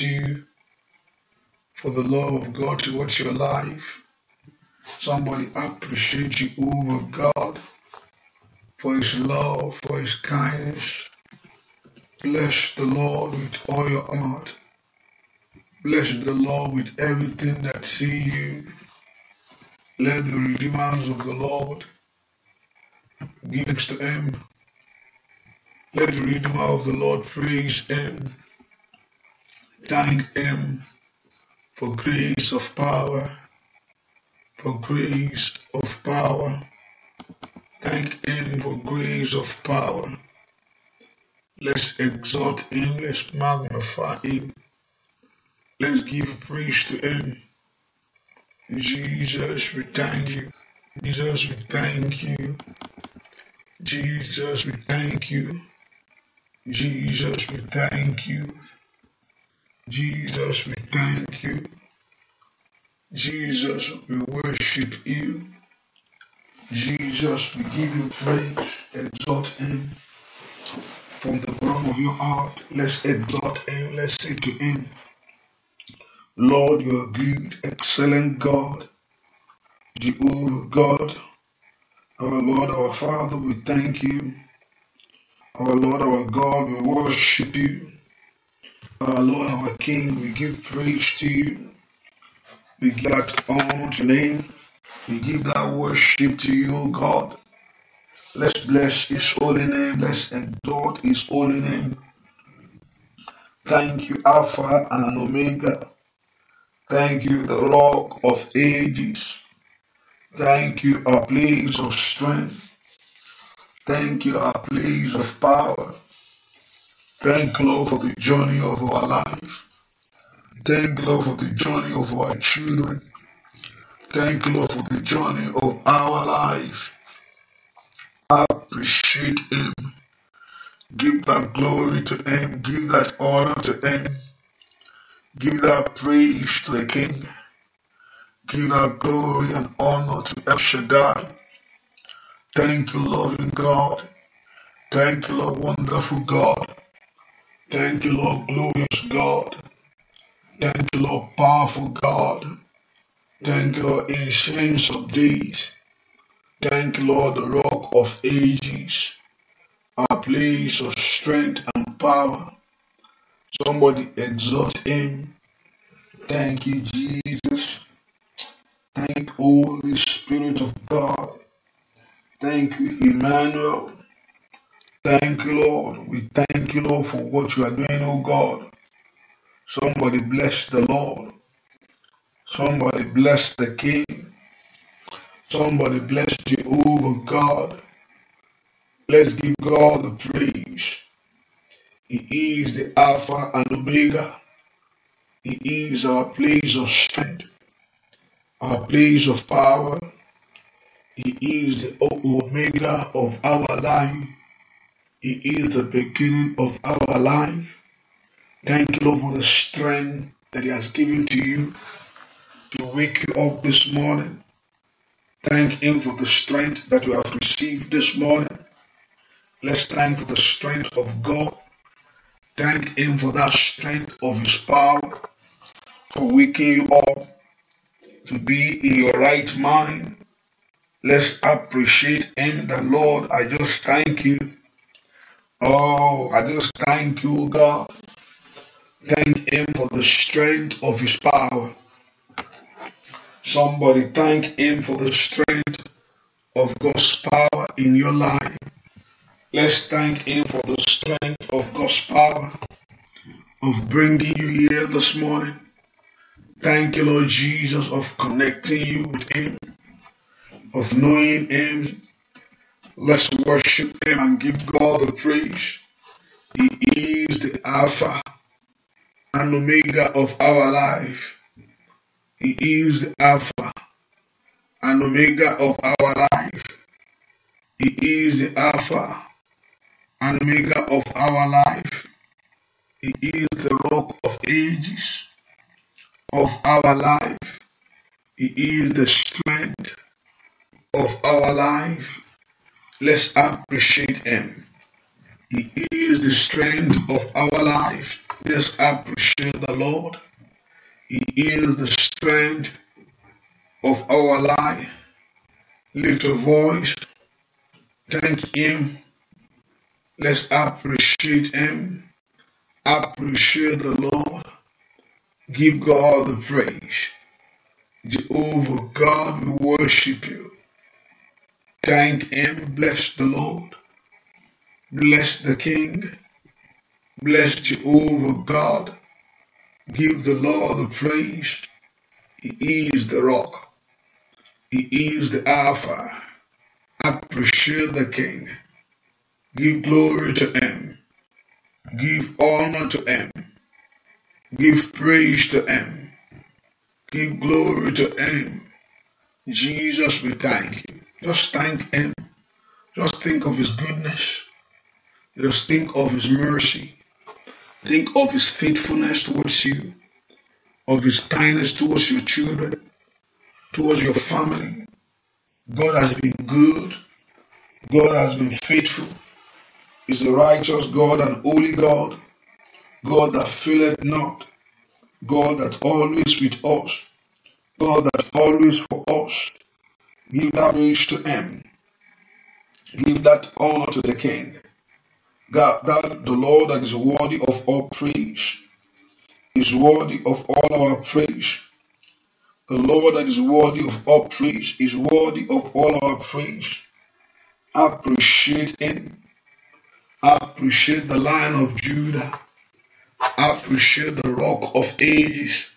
you, for the love of God towards your life. Somebody appreciate you over God for his love, for his kindness. Bless the Lord with all your heart. Bless the Lord with everything that see you. Let the redeemers of the Lord give thanks to him. Let the redeemer of the Lord praise him. Thank Him for grace of power, for grace of power. Thank Him for grace of power. Let's exalt Him, let's magnify Him, let's give praise to Him. Jesus, we thank you. Jesus, we thank you. Jesus, we thank you. Jesus, we thank you. Jesus, we thank you. Jesus, we worship you. Jesus, we give you praise. Exalt him. From the bottom of your heart, let's exalt him. Let's say to him, Lord, you are good, excellent God, Jehovah God, our Lord, our Father, we thank you. Our Lord, our God, we worship you. Our Lord, our King, we give praise to you. We give that honor to your name. We give that worship to you, O God. Let's bless his holy name. Let's exalt his holy name. Thank you, Alpha and Omega. Thank you, the rock of ages. Thank you, our place of strength. Thank you, our place of power. Thank Lord for the journey of our life. Thank Lord for the journey of our children. Thank Lord for the journey of our life. Appreciate Him. Give that glory to Him. Give that honor to Him. Give that praise to the King. Give that glory and honor to El Shaddai. Thank you, loving God. Thank you, Lord, wonderful God. Thank you, Lord, glorious God. Thank you, Lord, powerful God. Thank you, Lord, ancient of days. Thank you, Lord, the rock of ages, our place of strength and power. Somebody exalt him. Thank you, Jesus. Thank Holy Spirit of God. Thank you, Emmanuel. Thank you, Lord. We thank you, Lord, for what you are doing, oh God. Somebody bless the Lord. Somebody bless the King. Somebody bless Jehovah God. Let's give God the praise. He is the Alpha and Omega. He is our place of strength, our place of power. He is the Omega of our life. He is the beginning of our life. Thank you, Lord, for the strength that He has given to you to wake you up this morning. Thank Him for the strength that you have received this morning. Let's thank for the strength of God. Thank Him for that strength of His power for waking you up to be in your right mind. Let's appreciate Him, the Lord. I just thank you Oh, I just thank you, God. Thank Him for the strength of His power. Somebody thank Him for the strength of God's power in your life. Let's thank Him for the strength of God's power of bringing you here this morning. Thank you, Lord Jesus, of connecting you with Him, of knowing Him, Let's worship Him and give God the praise. He is the Alpha and Omega of our life. He is the Alpha and Omega of our life. He is the Alpha and Omega of our life. He is the rock of ages of our life. He is the strength of our life. Let's appreciate Him. He is the strength of our life. Let's appreciate the Lord. He is the strength of our life. Lift voice. Thank Him. Let's appreciate Him. Appreciate the Lord. Give God the praise. Jehovah God, we worship you. Thank Him. Bless the Lord. Bless the King. Bless Jehovah God. Give the Lord the praise. He is the rock. He is the Alpha. Appreciate the King. Give glory to Him. Give honor to Him. Give praise to Him. Give glory to Him. Jesus, we thank you. Just thank Him. Just think of His goodness. Just think of His mercy. Think of His faithfulness towards you, of His kindness towards your children, towards your family. God has been good. God has been faithful. He's a righteous God and holy God. God that faileth not. God that always with us. God that always for us. Give that wish to him. Give that honor to the king. God, that the Lord that is worthy of all praise is worthy of all our praise. The Lord that is worthy of all praise is worthy of all our praise. Appreciate Him. Appreciate the Lion of Judah. Appreciate the Rock of Ages.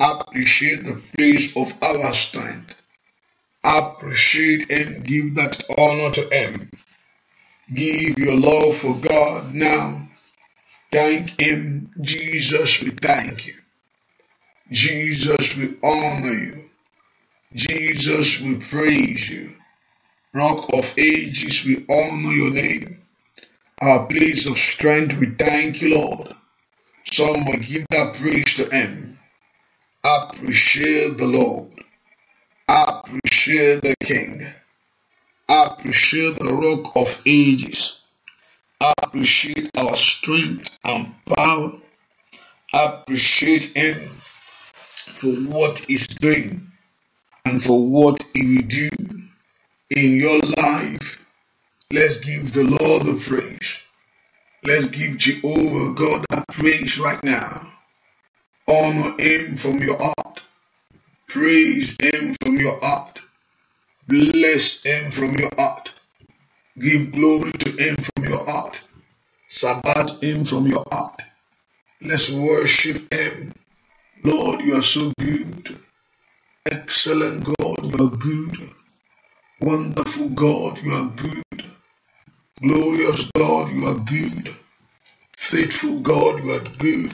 Appreciate the praise of our strength appreciate and give that honor to Him. Give your love for God now. Thank Him. Jesus, we thank you. Jesus, we honor you. Jesus, we praise you. Rock of ages, we honor your name. Our place of strength, we thank you, Lord. Someone give that praise to Him. Appreciate the Lord. Appreciate appreciate the King. Appreciate the Rock of Ages. Appreciate our strength and power. Appreciate Him for what He's doing and for what He will do in your life. Let's give the Lord the praise. Let's give Jehovah God the praise right now. Honor Him from your heart. Praise Him from your heart. Bless him from your heart. Give glory to him from your heart. Sabbat him from your heart. Let's worship him. Lord, you are so good. Excellent God, you are good. Wonderful God, you are good. Glorious God, you are good. Faithful God, you are good.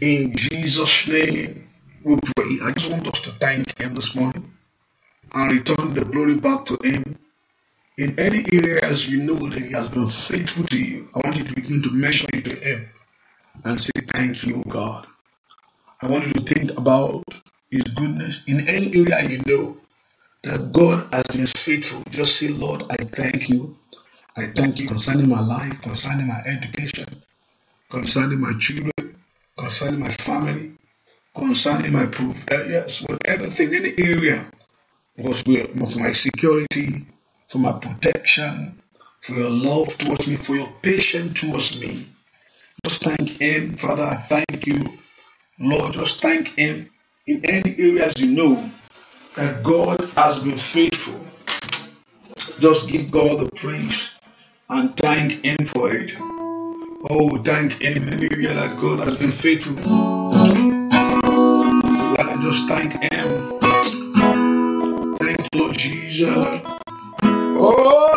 In Jesus' name, we pray. I just want us to thank Him this morning and return the glory back to Him. In any areas you know that He has been faithful to you, I want you to begin to mention it to Him and say, Thank you, God. I want you to think about His goodness in any area you know that God has been faithful. Just say, Lord, I thank you. I thank you concerning my life, concerning my education, concerning my children, concerning my family, concerning my proof. Uh, yes, whatever thing, any area was for my security, for my protection, for your love towards me, for your patience towards me. Just thank Him, Father. I thank you, Lord. Just thank Him in any areas you know that God has been faithful. Just give God the praise and thank Him for it. Oh, thank Him in any area that God has been faithful. Just thank Him. Oh,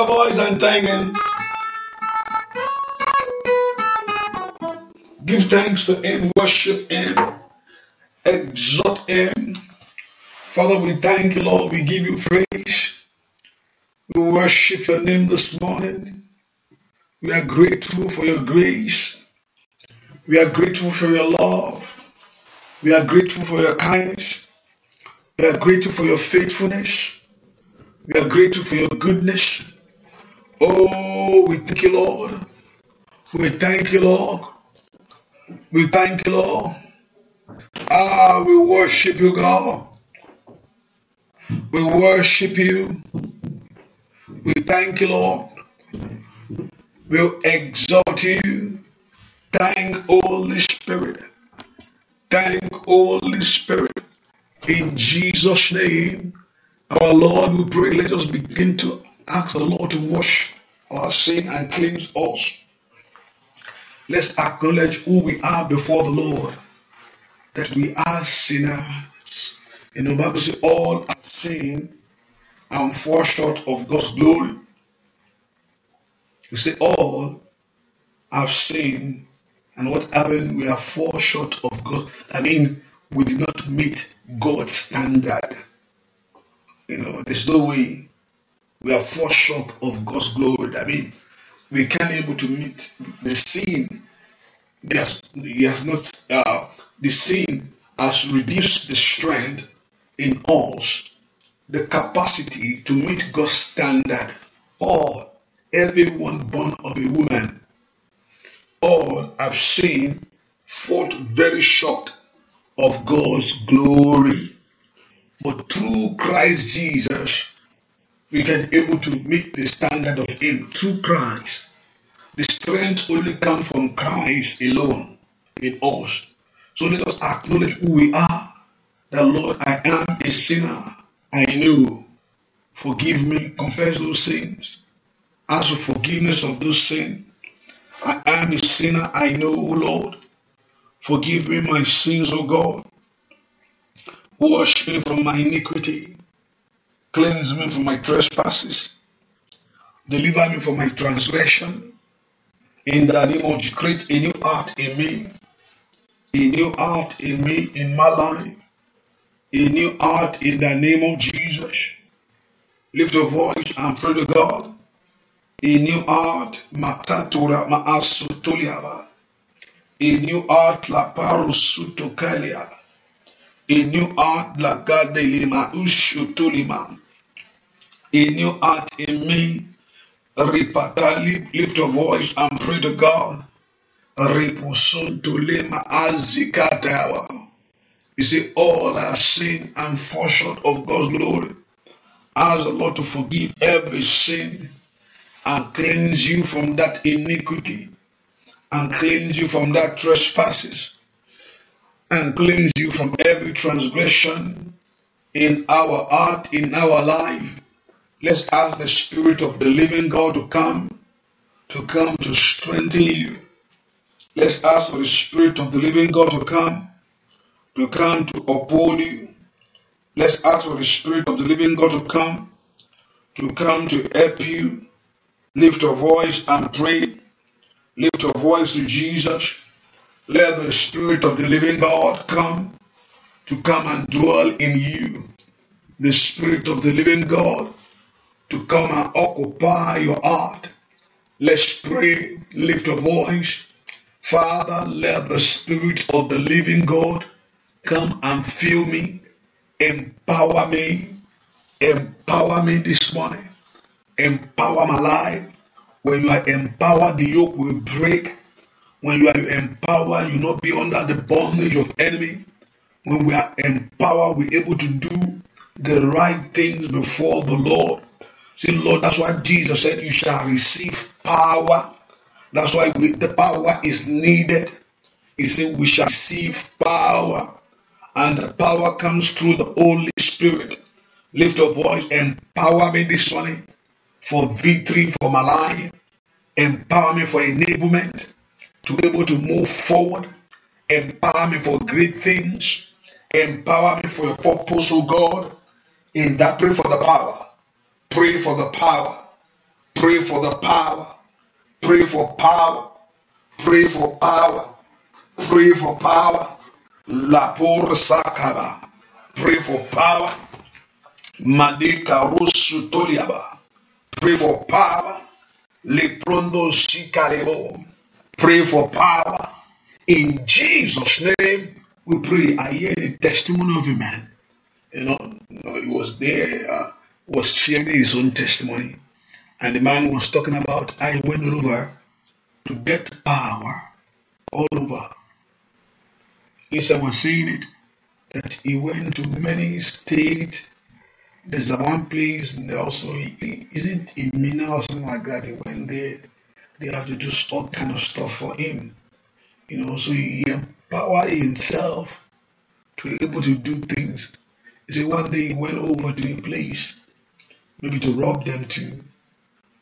your voice and thank Him. Give thanks to Him, worship Him, exalt Him. Father, we thank you, Lord. We give you praise. We worship your name this morning. We are grateful for your grace. We are grateful for your love. We are grateful for your kindness. We are grateful for your faithfulness. We are grateful for your goodness. Oh, we thank you, Lord. We thank you, Lord. We thank you, Lord. Ah, we worship you, God. We worship you. We thank you, Lord. we exalt you. Thank Holy Spirit. Thank Holy Spirit. In Jesus' name, our Lord, we pray. Let us begin to ask the Lord to wash our sin and cleanse us. Let's acknowledge who we are before the Lord, that we are sinners. In the Bible says, all have sinned and fall short of God's glory. We say, all have sinned, and what happened? We are fall short of God. I mean, we did not meet God's standard. You know, there's no way we are far short of God's glory. I mean, we can't able to meet the sin. He has, he has not, uh, the sin has reduced the strength in us, the capacity to meet God's standard. All, everyone born of a woman, all have seen, fought very short of God's glory. But through Christ Jesus, we can able to meet the standard of Him through Christ. The strength only comes from Christ alone in us. So let us acknowledge who we are. That Lord, I am a sinner. I know. Forgive me. Confess those sins. Ask for forgiveness of those sins. I am a sinner. I know, O Lord. Forgive me my sins, O God. Wash me from my iniquity. Cleanse me from my trespasses. Deliver me from my transgression. In the name of Jesus, create a new heart in me. A new heart in me, in my life. A new heart in the name of Jesus. Lift your voice and pray to God. A new heart, makatura maasutuliaba. A new heart, laparusutokalia. A new heart, Lakadelima Ushutulima. A new heart in me. Ripata, lift your voice and pray to God. Ripusuntulima Azikatawa. You see, all have sin and fall short of God's glory. Ask the Lord to forgive every sin and cleanse you from that iniquity and cleanse you from that trespasses and cleanse you from every transgression in our heart, in our life. Let's ask the Spirit of the living God to come, to come to strengthen you. Let's ask for the Spirit of the living God to come, to come to uphold you. Let's ask for the Spirit of the living God to come, to come to help you. Lift your voice and pray. Lift your voice to Jesus. Let the Spirit of the living God come to come and dwell in you. The Spirit of the living God to come and occupy your heart. Let's pray, lift a voice. Father, let the Spirit of the living God come and fill me, empower me, empower me this morning, empower my life. When you are empowered, the yoke will break when you are empowered, you not be under the bondage of enemy. When we are empowered, we're able to do the right things before the Lord. See, Lord, that's why Jesus said, You shall receive power. That's why we, the power is needed. He said, We shall receive power. And the power comes through the Holy Spirit. Lift your voice, empower me this morning for victory for my life, empower me for enablement, to be able to move forward. Empower me for great things. Empower me for your purpose, oh God. In that, pray for the power. Pray for the power. Pray for the power. Pray for power. Pray for power. Pray for power. La por sakaba. Pray for power. Madika rusu toliaba. Pray for power. Le prondo shikarebo pray for power. In Jesus' name, we pray. I hear the testimony of a man. You know, you know he was there, uh, was sharing his own testimony. And the man was talking about, I went over to get power all over. Yes, I was seeing it, that he went to many states. There's a one place, and also, he, isn't it Mina or something like that? He went there they have to do all kind of stuff for him. You know, so he empowered himself to be able to do things. He said one day he went over to a place, maybe to rob them too.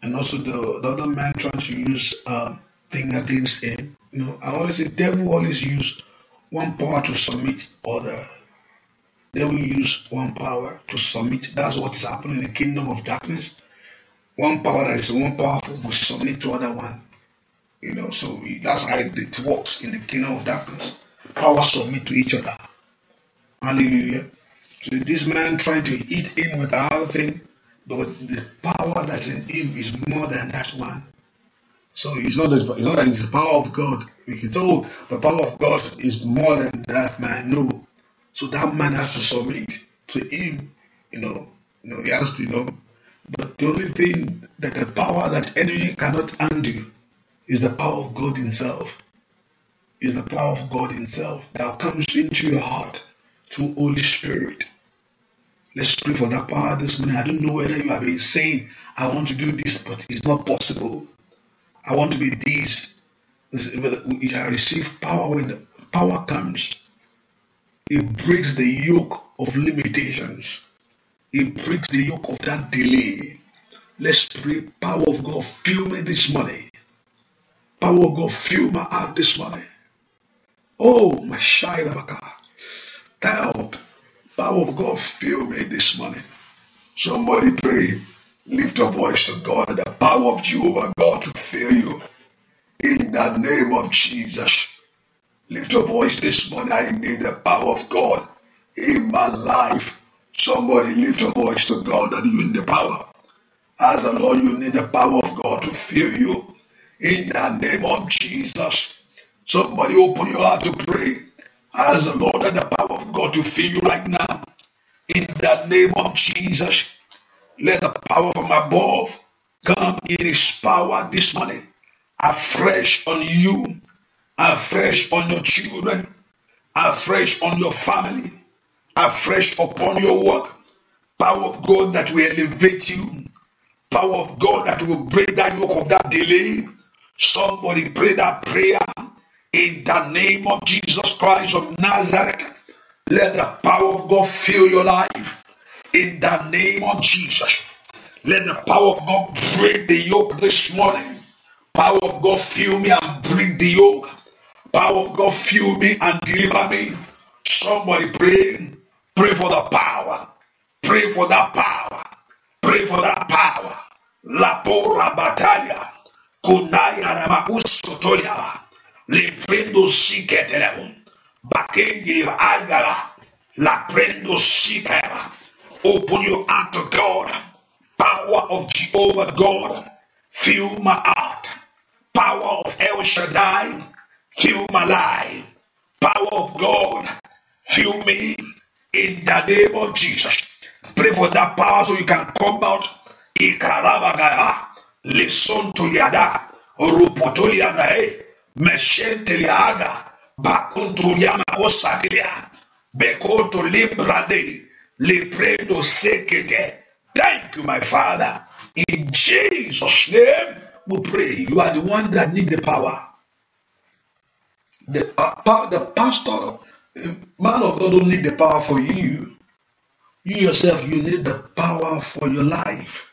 And also the, the other man trying to use um, thing against him. You know, I always say devil always use one power to submit other. Devil use one power to submit. That's what is happening in the kingdom of darkness one power that is one powerful will submit to other one. You know, so that's how it works in the kingdom of darkness. Power submit to each other. Hallelujah. So this man trying to eat him with other thing, but the power that's in him is more than that one. So it's not that it's not that it's the power of God. We can say, oh, the power of God is more than that man. No. So that man has to submit to him. You know, you know, he has to, you know, but the only thing that the power that enemy cannot undo is the power of God Himself. Is the power of God Himself that comes into your heart through Holy Spirit. Let's pray for that power this morning. I don't know whether you have been saying, I want to do this, but it's not possible. I want to be this. You shall receive power when the power comes. It breaks the yoke of limitations. It breaks the yoke of that delay. Let's pray, power of God, fill me this morning. Power of God, fill my heart this morning. Oh, my shy Rabaka. Help. Power of God, fill me this morning. Somebody pray. Lift your voice to God and the power of Jehovah God to fill you. In the name of Jesus. Lift your voice this morning. I need the power of God in my life. Somebody lift your voice to God that you need the power. As the Lord, you need the power of God to fill you in the name of Jesus. Somebody open your heart to pray. As the Lord and the power of God to fill you right now. In the name of Jesus. Let the power from above come in his power this morning. Afresh on you. Afresh on your children. Afresh on your family afresh upon your work. Power of God that will elevate you. Power of God that will break that yoke of that delay. Somebody pray that prayer in the name of Jesus Christ of Nazareth. Let the power of God fill your life in the name of Jesus. Let the power of God break the yoke this morning. Power of God fill me and break the yoke. Power of God fill me and deliver me. Somebody pray Pray for the power. Pray for that power. Pray for that power. La Lapora batalia. Kunaya na makuso tolia. Leprendo shiketelemo. Bakendi agala. Laprendo shikema. Open your heart to God. Power of Jehovah God. Fill my heart. Power of El Shaddai. Fill my life. Power of God. Fill me in the name of Jesus. Pray for that power so you can come out. Ikarabagaya, listen to Yada, Rupotolianae, eh? Meshenteliada, Bakuntuliana Osatilia, Bekoto Limbrade, Lipredo Sekete. Thank you, my Father. In Jesus' name, we pray. You are the one that need the power. The, uh, the pastor Man of God don't need the power for you. You yourself, you need the power for your life.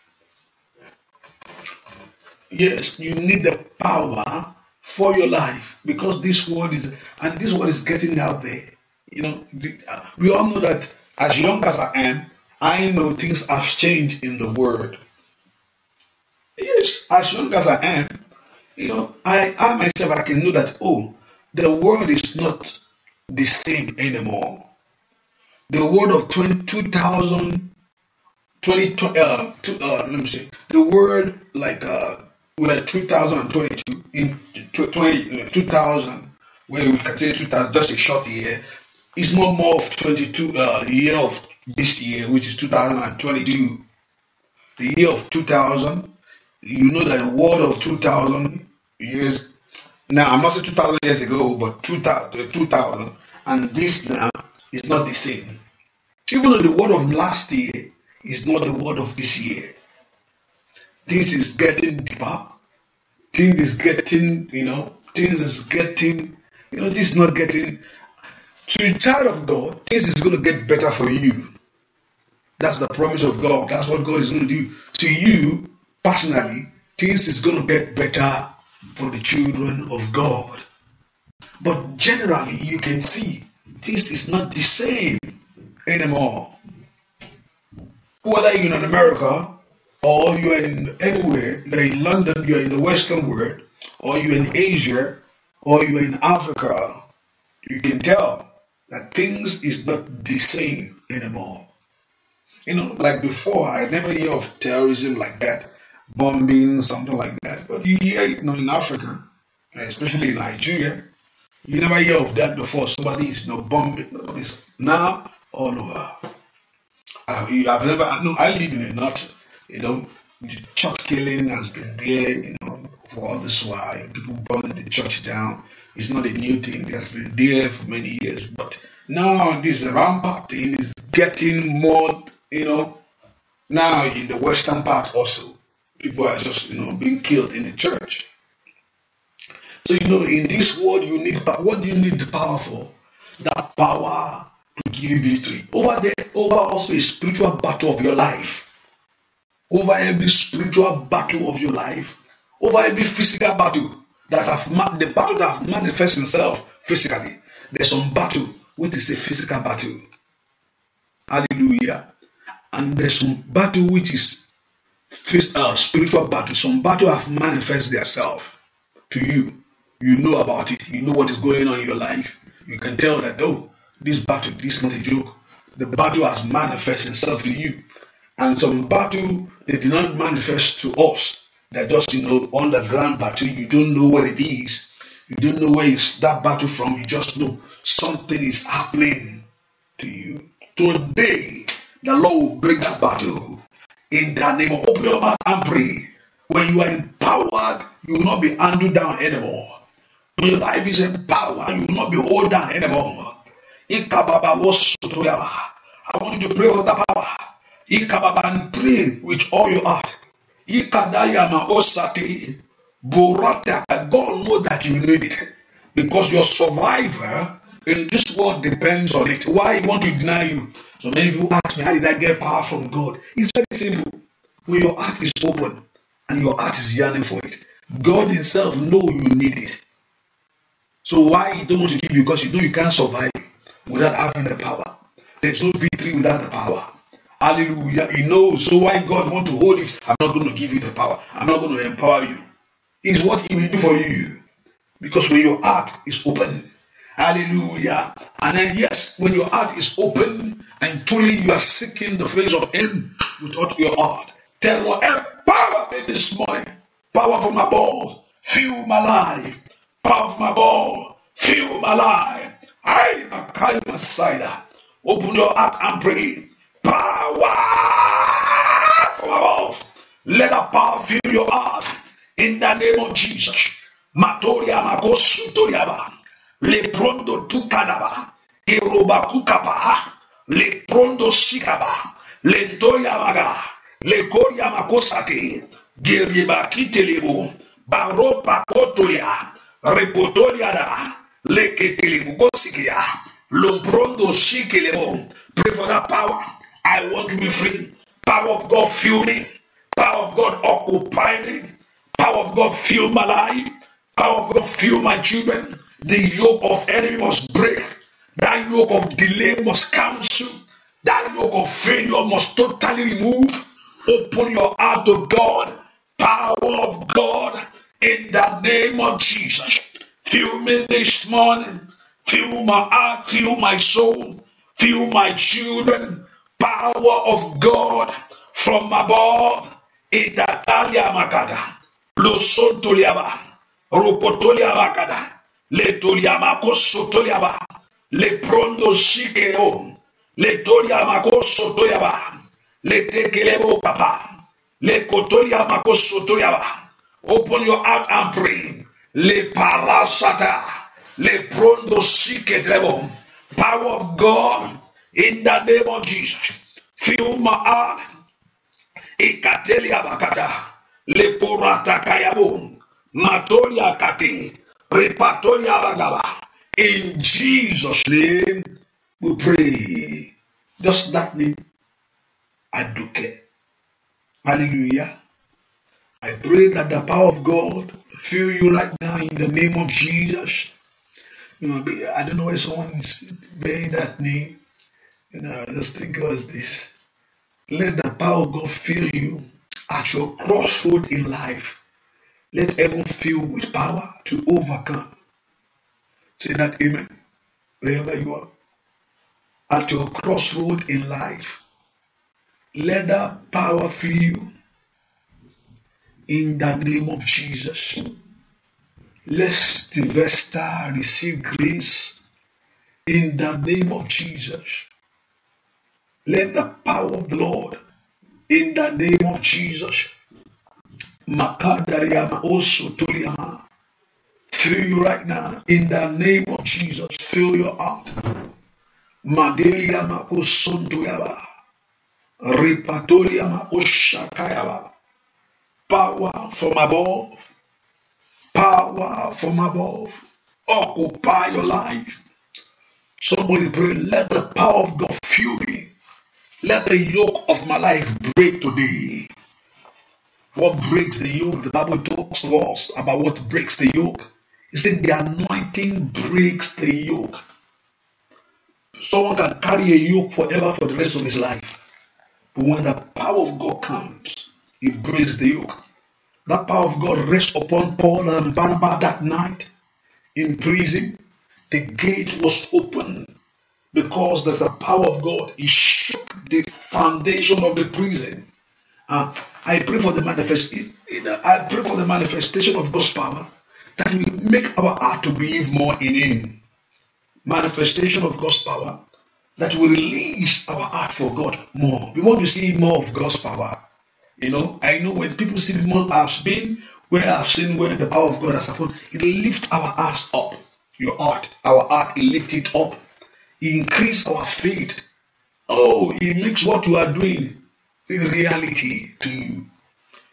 Yes, you need the power for your life because this world is, and this world is getting out there. You know, uh, we all know that as young as I am, I know things have changed in the world. Yes, as young as I am, you know, I, I myself, I can know that, oh, the world is not the same anymore. The word of 22,000, 20, uh, uh, let me see, the word like uh, we 2022 in 20, 2000, where we can say 2000, just a short year, is more, more of 22, uh, year of this year, which is 2022. The year of 2000, you know that the word of 2000 years now, I'm not saying 2,000 years ago, but 2000, and this now is not the same. Even though the word of last year is not the word of this year, things is getting deeper. Things is getting, you know, things is getting, you know, this is not getting. To tired child of God, things is going to get better for you. That's the promise of God. That's what God is going to do. To you, personally, things is going to get better for the children of God. But generally, you can see this is not the same anymore. Whether you're in America or you're in anywhere, you're in London, you're in the Western world, or you're in Asia, or you're in Africa, you can tell that things is not the same anymore. You know, like before, I never hear of terrorism like that bombing, something like that. But you hear, you know, in Africa, especially in Nigeria, you never hear of that before. Somebody is you know, bombing. Nobody's now all over. I've, uh, I've never, No, I live in a not, you know, the church killing has been there, you know, for all this while. People burning the church down. It's not a new thing. It has been there for many years. But now this rampart thing is getting more, you know, now in the western part also people are just you know being killed in the church. So you know, in this world, you need what do you need the power for? That power to give you victory over there, over also a spiritual battle of your life, over every spiritual battle of your life, over every physical battle that have the battle that manifests itself physically. There's some battle which is a physical battle. Hallelujah. And there's some battle which is uh, spiritual battle, some battle have manifested themselves to you. You know about it. You know what is going on in your life. You can tell that, oh, this battle, this is not a joke. The battle has manifested itself to you. And some battle, they did not manifest to us. That just, you know, underground battle, you don't know what it is. You don't know where is that battle from. You just know something is happening to you. Today, the Lord will bring that battle In the name of open your mouth and pray. When you are empowered, you will not be handed down anymore. When your life is empowered, you will not be hold down anymore. I want you to pray for that power. Ikababa and pray with all your heart. Ikadayama osati. burata. God know that you need it because your survival in this world depends on it. Why you want to deny you? So many people ask me, how did I get power from God? It's very simple. When your heart is open and your heart is yearning for it, God Himself know you need it. So why He don't want to give you? Because you know you can't survive without having the power. There's no victory without the power. Hallelujah. He knows. So why God want to hold it? I'm not going to give you the power. I'm not going to empower you. It's what He will do for you. Because when your heart is open, Hallelujah. And then, yes, when your heart is open and truly you are seeking the face of Him with all your heart, tell will empower me this morning. Power from above, fill my life. Power from above, fill my life. I, am a kind Messiah, open your heart and pray. Power from above. Let the power fill your heart in the name of Jesus. Matoria Makosutoriaba. Leprondo tukadaba. Kiruba kukapa. Leprondo shikaba. Lentoya maga. Legoya makosate. Geriba kitelebo. Baropa kotoya. Repotolia da. Leketelebo gosikia. Lombrondo shikelebo. Pray for that power. I want to be free. Power of God fuel me. Power of God occupy me. Power of God fuel my life. Power of God fuel my children. The yoke of enemy must break. That yoke of delay must cancel. That yoke of failure must totally remove. Open your heart to God. Power of God in the name of Jesus. Fill me this morning. Fill my heart. Fill my soul. Fill my children. Power of God from above. Itatalia makata. Losotoliaba. Rupotoliaba kada le toliamako sotoyaba le prondo shikeo le toliamako sotoyaba le tekelebo papa le kotoliamako sotoyaba open your heart and pray le parasata le prondo shiketlebo power of God in the name of Jesus fill my heart ikateli abakata le porata kayabo matoli akati In Jesus' name we pray. Just that name, Aduke. Hallelujah. I pray that the power of God fill you right now in the name of Jesus. You know, I don't know why someone is bearing that name. You know, I just think it was this. Let the power of God fill you at your crossroad in life. Let heaven fill with power to overcome. Say that amen. Wherever you are, at your crossroad in life, let that power fill you in the name of Jesus. Let Sylvester receive grace in the name of Jesus. Let the power of the Lord in the name of Jesus Makadariama also tuliama, Fill you right now in the name of Jesus. Fill your heart. Madeliama Osontoyaba. Ripatoriama Oshakayaba. Power from above. Power from above. Occupy your life. Somebody pray, let the power of God fill me. Let the yoke of my life break today. What breaks the yoke? The Bible talks to us about what breaks the yoke. He said the anointing breaks the yoke. Someone can carry a yoke forever for the rest of his life. But when the power of God comes, it breaks the yoke. That power of God rests upon Paul and Barnabas that night in prison. The gate was open because there's the power of God. He shook the foundation of the prison uh, I pray for the manifest. Uh, I pray for the manifestation of God's power that we make our heart to believe more in Him. Manifestation of God's power that will release our heart for God more. We want to see more of God's power. You know, I know when people see more I've been where I've seen where the power of God has happened, it lifts our hearts up. Your heart, our heart, it lifts it up. It increase our faith. Oh, it makes what you are doing in reality to you.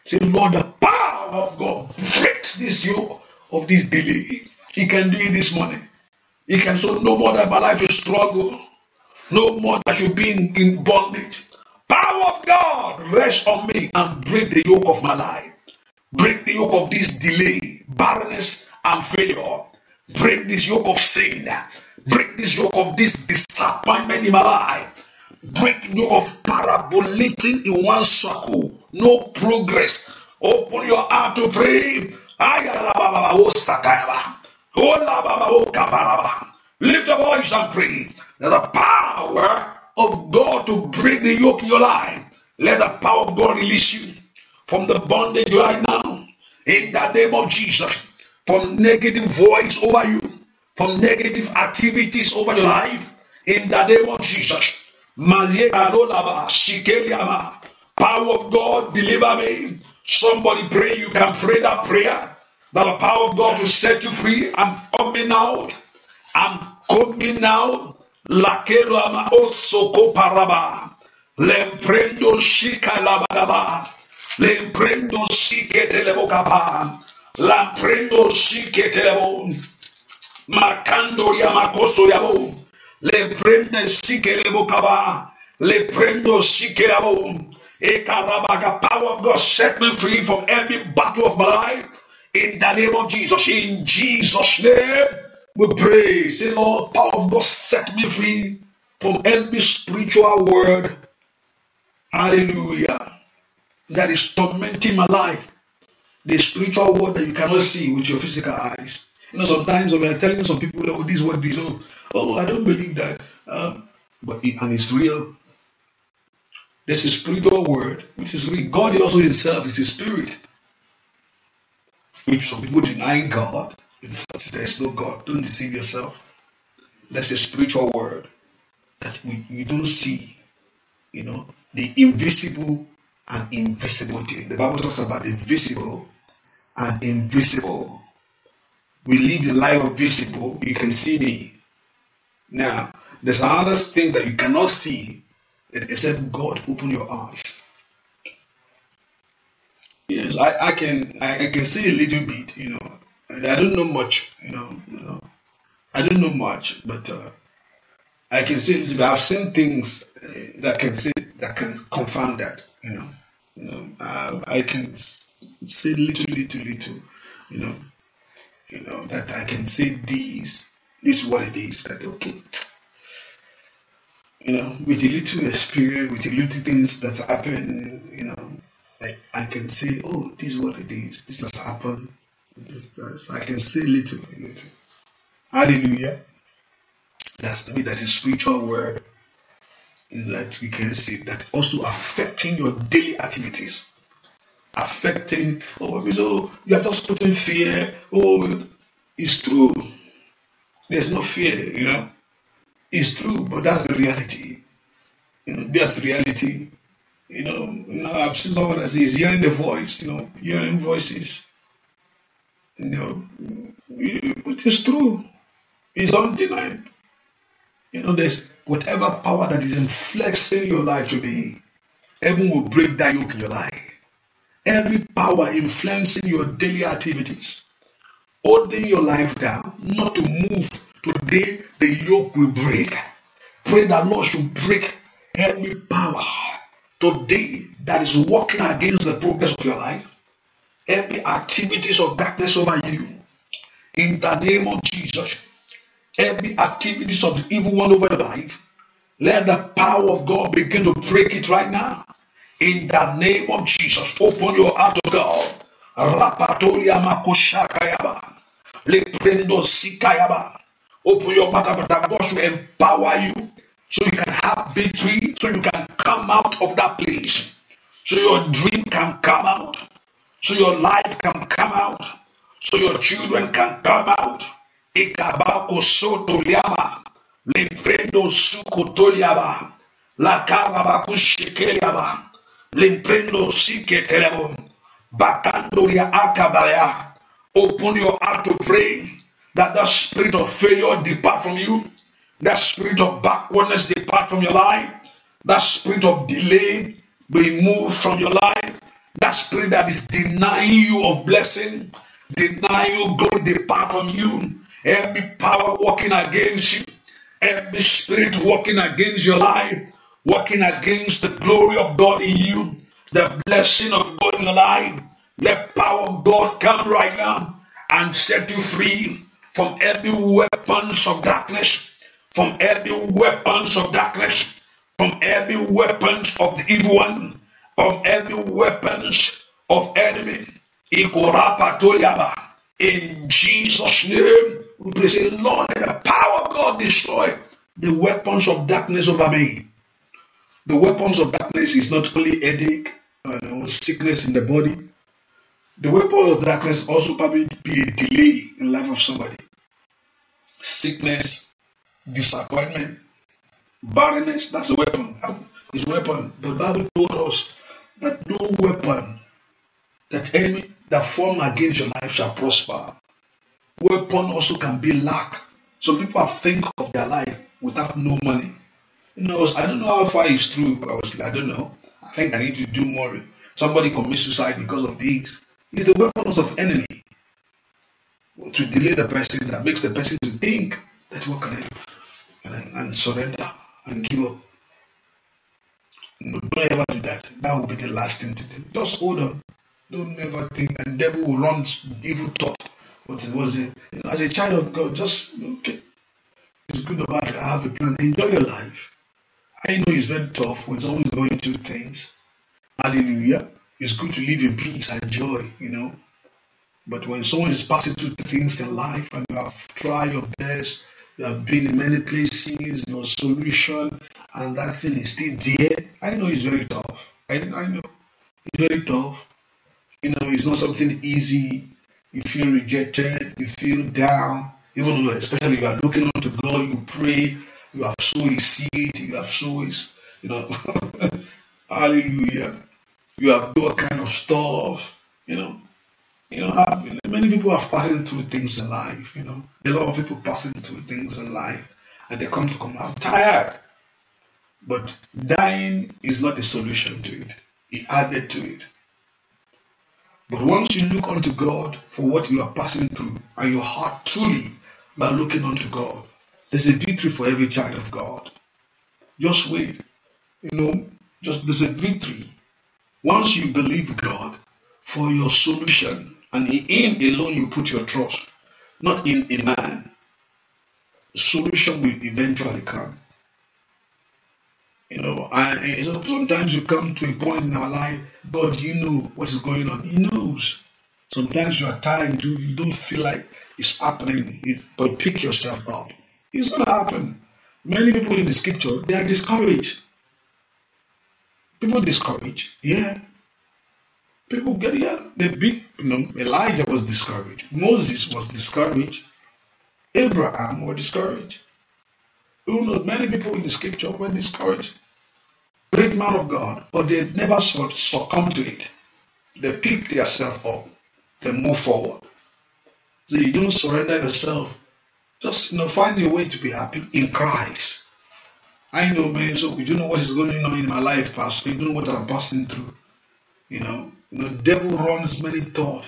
Say, Lord, the power of God breaks this yoke of this delay. He can do it this morning. He can so no more that my life is struggle, no more that you be in bondage. Power of God rest on me and break the yoke of my life. Break the yoke of this delay, barrenness, and failure. Break this yoke of sin. Break this yoke of this disappointment in my life breakthrough of parabolating in one circle. No progress. Open your heart to pray. Lift your voice and pray. There's a power of God to break the yoke in your life. Let the power of God release you from the bondage right now. In the name of Jesus. From negative voice over you. From negative activities over your life. In the name of Jesus. Power of God, deliver me. Somebody pray. You can pray that prayer. That the power of God will set you free. I'm coming out. I'm coming out. Lakelo ama osoko paraba. Lemprendo shika labagaba. Lemprendo shike telebokaba. Lemprendo shike telebo. Makando ya makoso yabo le prende sikele bokaba, le prendo sikele bom. Ekarabaga, power of God, set me free from every battle of my life. In the name of Jesus, in Jesus' name, we pray. Say, Lord, power of God, set me free from every spiritual word. Hallelujah. That is tormenting my life. The spiritual world that you cannot see with your physical eyes. You know, sometimes we are telling some people, oh, this word is, oh, oh, I don't believe that. Um, but it, and it's real. There's a spiritual word, which is real. God also himself is a spirit. Which some people denying God. There's no God. Don't deceive yourself. That's a spiritual word that we, we don't see. You know, the invisible and invisible thing. The Bible talks about the visible and invisible we live the life of visible, you can see me. Now, there's another thing that you cannot see except God open your eyes. Yes, I, I can I, I can see a little bit, you know. I don't know much, you know. You know. I don't know much, but uh, I can see. I've seen things uh, that can see that can confirm that, you know. You know, uh, I can see little, little, little, you know you know, that I can say this, this is what it is, that okay. You know, with a little experience, with a little things that happen, you know, I can say, oh, this is what it is, this has happened. This, this. I can say little little. Hallelujah. That's the way that is spiritual word is that we can see that also affecting your daily activities affecting or oh, so you are just putting fear Oh, it's true. There's no fear, you know. It's true, but that's the reality. You know, that's the reality. You know, now I've seen someone that says hearing the voice, you know, hearing voices. You know, it is true. It's undenied. You know, there's whatever power that is inflexing your life today, heaven will break that yoke in your life. Every power influencing your daily activities, holding your life down, not to move. Today, the yoke will break. Pray that Lord should break every power today that is working against the progress of your life. Every activities of darkness over you. In the name of Jesus, every activities of the evil one over your life, let the power of God begin to break it right now. In the name of Jesus, open your heart to God. Rapatoria makoshakayaba. Leprendo sikayaba. Open your mouth up that God will empower you so you can have victory, so you can come out of that place. So your dream can come out. So your life can come out. So your children can come out. Ikabako soto yaba, Leprendo sukotoliaba. La karabakushikeliaba. Leprendo siketelebo. Bakandoria Akabaya. Open your heart to pray that the spirit of failure depart from you, that spirit of backwardness depart from your life, that spirit of delay be moved from your life, that spirit that is denying you of blessing, denying you God depart from you. Every power working against you, every spirit working against your life, working against the glory of God in you, the blessing of God in your life. Let power of God come right now and set you free from every weapons of darkness, from every weapons of darkness, from every weapons of the evil one, from every weapons of enemy. In Jesus' name, we pray, say, Lord, let the power of God destroy the weapons of darkness over me. The weapons of darkness is not only headache, you know, sickness in the body. The weapon of darkness also probably be a delay in life of somebody. Sickness, disappointment, barrenness, that's a weapon. Um, it's a weapon. The Bible told us that no weapon that enemy that form against your life shall prosper. Weapon also can be lack. Some people think of their life without no money. You know, I don't know how far it's true. I was, I don't know. I think I need to do more. Somebody commits suicide because of this. It's the weapons of enemy to delay the person that makes the person to think that what can I do and, and surrender and give up. No, don't ever do that. That will be the last thing to do. Just hold on. Don't ever think. a devil will run evil thought. But it was it? You know, as a child of God, just okay. It's good about it. I have a plan. Enjoy your life. I know it's very tough when someone's going through things. Hallelujah. It's good to live in peace and joy, you know. But when someone is passing through things in life and you have tried your best, you have been in many places, no solution, and that thing is still there, I know it's very tough. I, I know it's very tough. You know, it's not something easy. You feel rejected, you feel down, even though, especially you are looking to God, you pray, you have sown seed, you have sown, you know, hallelujah. You have done kind of stuff, you know. You know, many people are passing through things in life, you know. A lot of people passing through things in life and they come to come out tired. But dying is not the solution to it. He added to it. But once you look unto God for what you are passing through and your heart truly you are looking unto God, there's a victory for every child of God. Just wait. You know, just there's a victory. Once you believe God for your solution, and in Him alone you put your trust, not in a man, solution will eventually come. You know, I, so sometimes you come to a point in our life, God, you know what is going on. He knows. Sometimes you are tired, you don't feel like it's happening, but pick yourself up it's going to happen. Many people in the scripture, they are discouraged. People discouraged, yeah. People get, yeah, the big, you know, Elijah was discouraged. Moses was discouraged. Abraham was discouraged. You know, many people in the scripture were discouraged. Great man of God, but they never succumb to it. They pick themselves up. They move forward. So you don't surrender yourself just you know, find a way to be happy in Christ. I know, man. So you know what is going on in my life, Pastor. You know what I'm passing through. You know, you know, devil runs many thoughts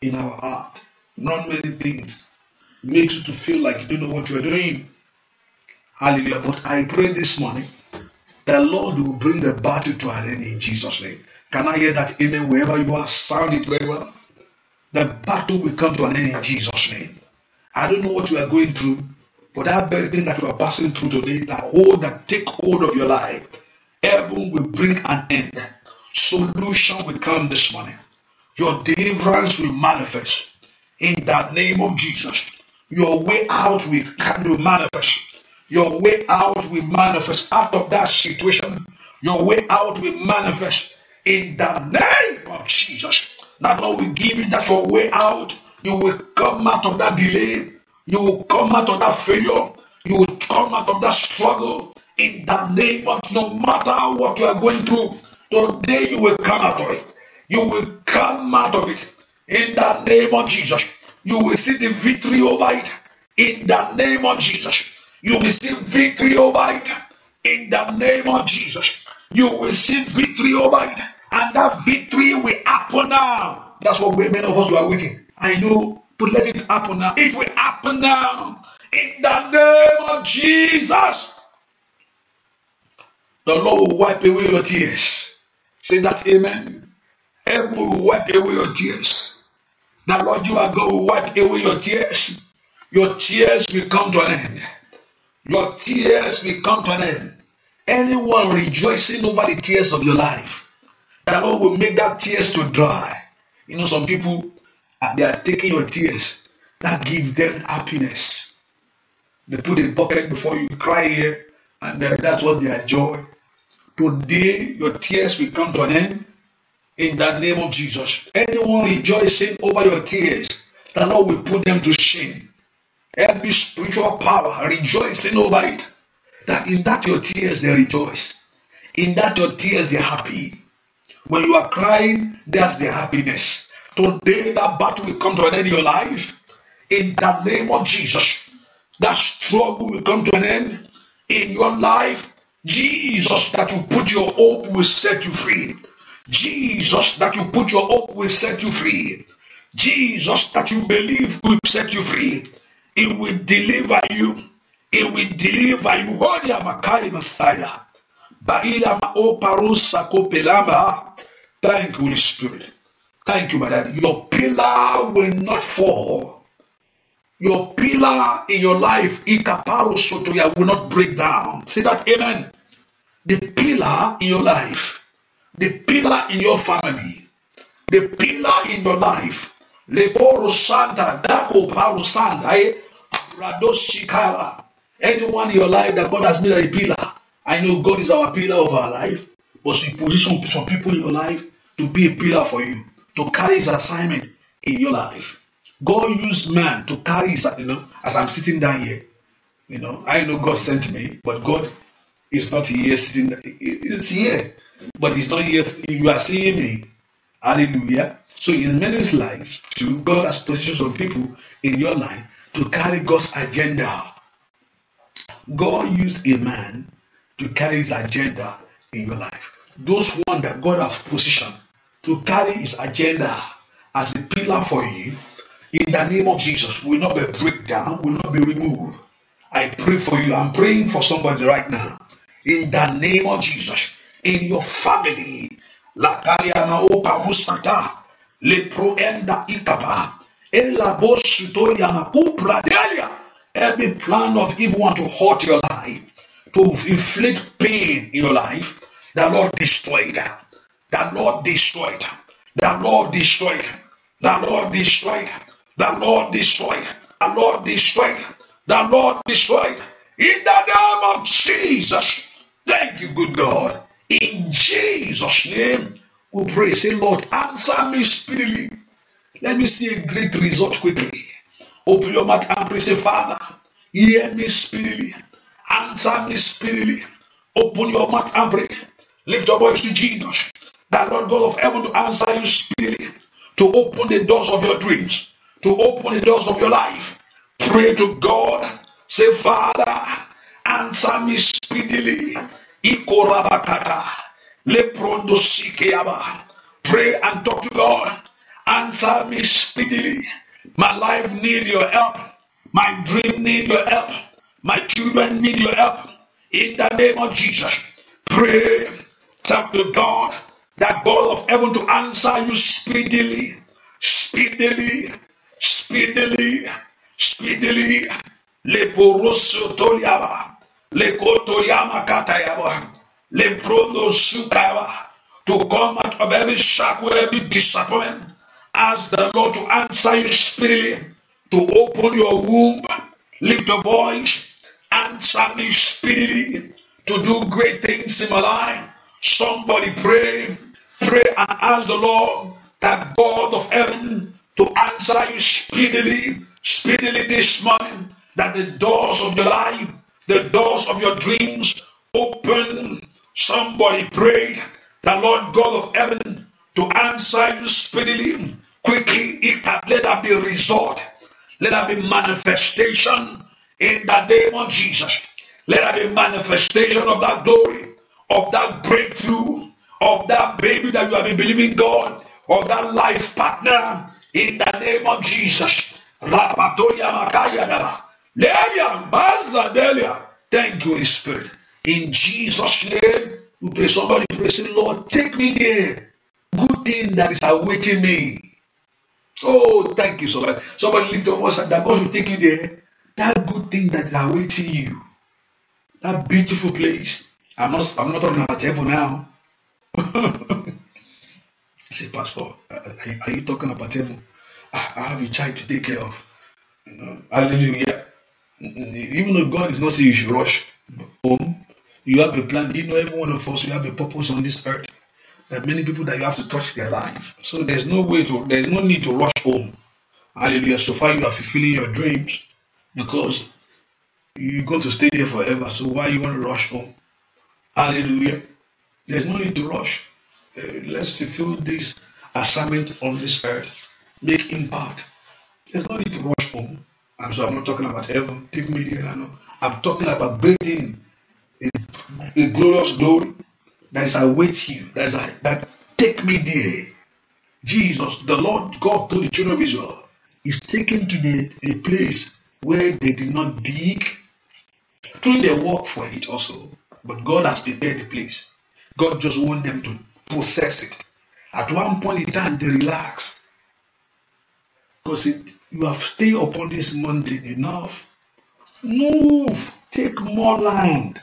in our heart, run many things, makes you to feel like you don't know what you are doing. Hallelujah. But I pray this morning, the Lord will bring the battle to an end in Jesus' name. Can I hear that amen wherever you are? Sound it very well. The battle will come to an end in Jesus' name. I don't know what you are going through, but that thing that you are passing through today, that hold that take hold of your life, heaven will bring an end. Solution will come this morning. Your deliverance will manifest in the name of Jesus. Your way out will, come. will manifest. Your way out will manifest out of that situation. Your way out will manifest in the name of Jesus. That Lord will give you that your way out You will come out of that delay. You will come out of that failure. You will come out of that struggle. In the name of no matter what you are going through, today you will come out of it. You will come out of it. In the name of Jesus, you will see the victory over it. In the name of Jesus, you will see victory over it. In the name of Jesus, you will see victory over it. And that victory will happen now. That's what many of us were waiting. I know to let it happen now. It will happen now in the name of Jesus. The Lord will wipe away your tears. Say that, Amen. Heaven will wipe away your tears. The Lord you are God will wipe away your tears. Your tears will come to an end. Your tears will come to an end. Anyone rejoicing over the tears of your life, the Lord will make that tears to dry. You know, some people and they are taking your tears. That gives them happiness. They put a bucket before you, cry here, and that's what their joy. Today, your tears will come to an end in the name of Jesus. Anyone rejoicing over your tears, the Lord will put them to shame. Every spiritual power rejoicing over it, that in that your tears they rejoice, in that your tears they're happy. When you are crying, that's the happiness. Today, that battle will come to an end in your life. In the name of Jesus, that struggle will come to an end in your life. Jesus, that you put your hope will set you free. Jesus, that you put your hope will set you free. Jesus, that you believe will set you free. It will deliver you. It will deliver you. Wadi amakari Messiah. Barila ma oparusa kopelamba. Thank you, Holy Spirit. Thank you, my daddy. Your pillar will not fall. Your pillar in your life, Ikaparo Sotoya, will not break down. See that, Amen. The pillar in your life, the pillar in your family, the pillar in your life. Leboro Santa, Dako Paro Santa, eh? Radoshikara. Anyone in your life that God has made a pillar, I know God is our pillar of our life, but we position some people in your life to be a pillar for you. to carry his assignment in your life. God used man to carry his, you know, as I'm sitting down here. You know, I know God sent me, but God is not here sitting, he's here, but he's not here. You are seeing me. Hallelujah. So in many lives, too, God has positioned some people in your life to carry God's agenda. God used a man to carry his agenda in your life. Those one that God have positioned to carry his agenda as a pillar for you in the name of Jesus will not be breakdown, will not be removed. I pray for you. I'm praying for somebody right now. In the name of Jesus, in your family, leproenda ikaba, every plan of evil one to hurt your life, to inflict pain in your life, the Lord destroyed that. The Lord destroyed. The Lord destroyed. The Lord destroyed. The Lord destroyed. The Lord destroyed. The Lord destroyed. In the name of Jesus. Thank you, good God. In Jesus' name, we pray. Say, Lord, answer me speedily. Let me see a great result quickly. Open your mouth and pray. Say, Father, hear me speedily. Answer me speedily. Open your mouth and pray. Lift your voice to Jesus. that Lord God of heaven to answer you speedily, to open the doors of your dreams, to open the doors of your life. Pray to God. Say, Father, answer me speedily. Ikorabakata. Leprondo sikeyaba. Pray and talk to God. Answer me speedily. My life need your help. My dream need your help. My children need your help. In the name of Jesus, pray. Talk to God. that God of heaven to answer you speedily, speedily, speedily, speedily. Leporoso toliaba, lekotoyama katayaba, leprono sukayaba. To come out of every shackle, every disappointment. Ask the Lord to answer you speedily, to open your womb, lift your voice, answer me speedily, to do great things in my life. Somebody pray. Pray and ask the Lord, that God of heaven, to answer you speedily, speedily this morning, that the doors of your life, the doors of your dreams open. Somebody prayed the Lord God of heaven to answer you speedily, quickly. Let there be result. Let there be manifestation in the name of Jesus. Let there be manifestation of that glory, of that breakthrough of that baby that you have been believing God, of that life partner, in the name of Jesus. Thank you, Holy Spirit. In Jesus' name, we pray somebody pray, say, Lord, take me there. Good thing that is awaiting me. Oh, thank you, somebody. Somebody lift your us and that God will take you there. That good thing that is awaiting you. That beautiful place. I'm not I'm not talking about heaven now. say, Pastor, are, are, you talking about heaven? I, ah, I have a child to take care of. Mm, hallelujah. Mm, even though God is not saying you should rush home, you have a plan. You know, every one of us, you have a purpose on this earth. There are many people that you have to touch their life. So there's no way to, there's no need to rush home. Hallelujah. So far, you are fulfilling your dreams because you're going to stay there forever. So why you want to rush home? Hallelujah. There's no need to rush. Uh, let's fulfill this assignment on this earth. Make impact. There's no need to rush home. I'm sorry, I'm not talking about heaven, people media, I know. I'm talking about bringing a, a glorious glory that is await you, that is like, that take me there. Jesus, the Lord God through the children of Israel, is taken to the, a place where they did not dig. Truly, they work for it also, but God has prepared the place. God just wants them to possess it. At one point in time, they relax. Because it, you have stayed upon this mountain enough. Move. Take more land.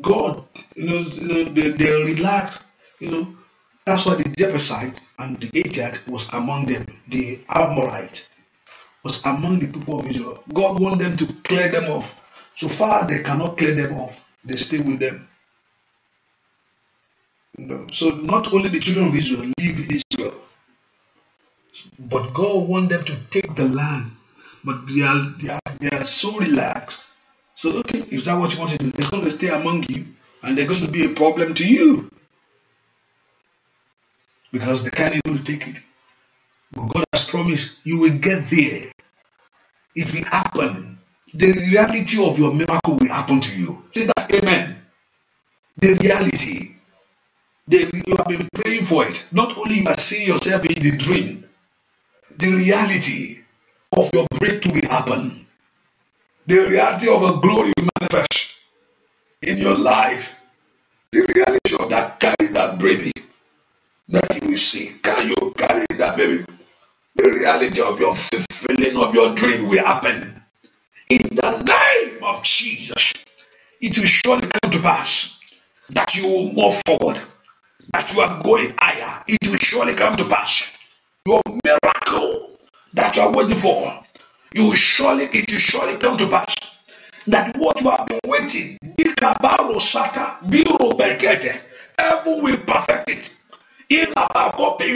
God, you know, you know they, they relax. You know, that's why the Jebusite and the Atheist was among them. The Amorite was among the people of Israel. God want them to clear them off. So far, they cannot clear them off. They stay with them. So not only the children of Israel leave Israel, but God wants them to take the land. But they are, they are they are so relaxed. So okay, is that what you want to do? They're going to stay among you, and they're going to be a problem to you because they can't even take it. But God has promised you will get there. It will happen. The reality of your miracle will happen to you. Say that, Amen. The reality Then you have been praying for it. Not only you are seeing yourself in the dream, the reality of your breakthrough will happen. The reality of a glory will manifest in your life. The reality of that carry that baby that you will see. Can you carry that baby? The reality of your fulfilling of your dream will happen. In the name of Jesus, it will surely come to pass that you will move forward that you are going higher, it will surely come to pass. Your miracle that you are waiting for, you will surely it will surely come to pass. That what you have been waiting, Bikabaro Sata, Biro Bergete, heaven will perfect it. In you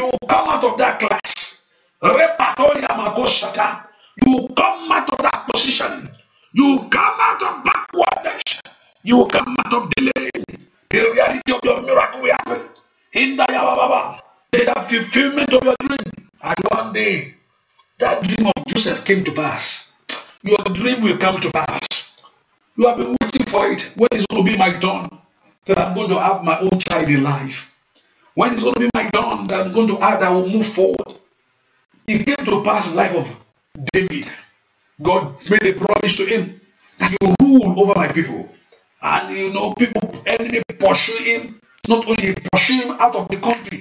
will come out of that class. Repatoria you will come out of that position. You come out of backwardness. You will come out of delay. The reality of your miracle will happen hinder There is a fulfillment of your dream. And one day, that dream of Joseph came to pass. Your dream will come to pass. You have been waiting for it. When is going to be my turn? That I'm going to have my own child in life. When is going to be my turn? That I'm going to add, I will move forward. It came to pass the life of David. God made a promise to him that you rule over my people. And you know, people, enemy pursue him Not only pursue him out of the country,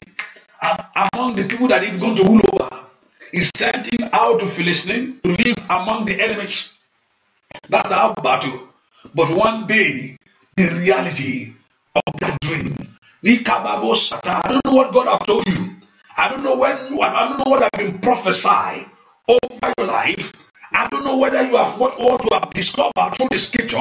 um, among the people that he's going to rule over. He sent him out to Philistine to live among the enemies. That's the out battle. But one day, the reality of that dream. I don't know what God has told you. I don't know when I don't know what I've been prophesied over your life. I don't know whether you have what, what you have discovered through the scripture,